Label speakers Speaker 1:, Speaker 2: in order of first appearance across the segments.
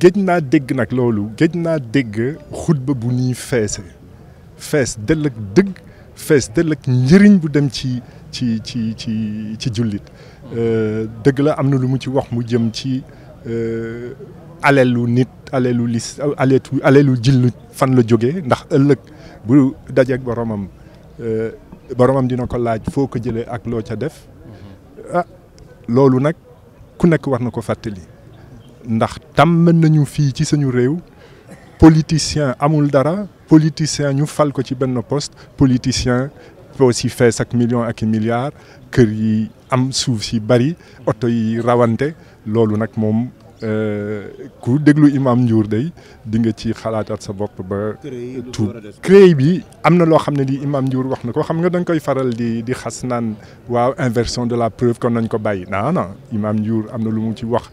Speaker 1: géej naa dégg nag loolu géej naa dégg xutba bu ñuy feese fees dell ak dëgg fees dell njëriñ bu dem ci ci ci ci ci jullit euh, dëgg la am na lu mu ci wax mu jëm ci euh, alelu nit alelu lis aletu alelu jillu fan la jógee ndax ëllëg bu dajeeg boromam euh, boromam dina ko laaj foo ko jëlee ak loo ca def mhm. ah loolu nag ku nekk war na ko fàttali. ndax tàmm nañu fii ci suñu réew politicien amul dara politicien ñu fal ko ci benn poste politicien aussi fees ak millions ak i milliards kër yi am suuf si bari oto yi rawante loolu nag moom euh, ku déglu Imam Ndiour day di nga ci xalaataat sa bopp ba tuub créé bi am na loo xam ne li Imam Ndiour wax na ko xam nga dañ koy faral di di xas naan waaw inversion de la preuve kon nañ ko bàyyi non non Imam Ndiour am na lu mu ci wax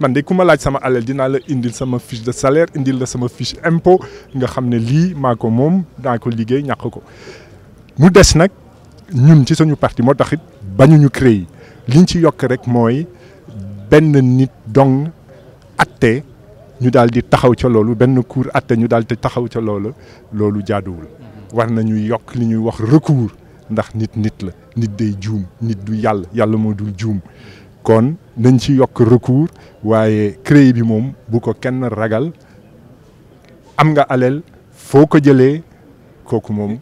Speaker 1: man de ku ma laaj sama alal dinaa la indil sama fiche de salaire indil la sama fiche impôt nga xam ne lii maa ko moom daa ko liggéey ñàkk ko mu des nag ñun ci suñu parti moo tax it bañuñu créer liñ ci yokk rek mooy benn nit dong atte ñu daal di taxaw ca loolu benn cour atte ñu daal di taxaw ca loolu loolu jaadowul war na nañu yokk li ñuy wax recours ndax nit nit la nit day juum nit du yàlla yàlla moo dul juum kon nañ ci yokk recours waaye CREI bi moom bu ko kenn ragal am nga alal foo ko jëlee kooku moom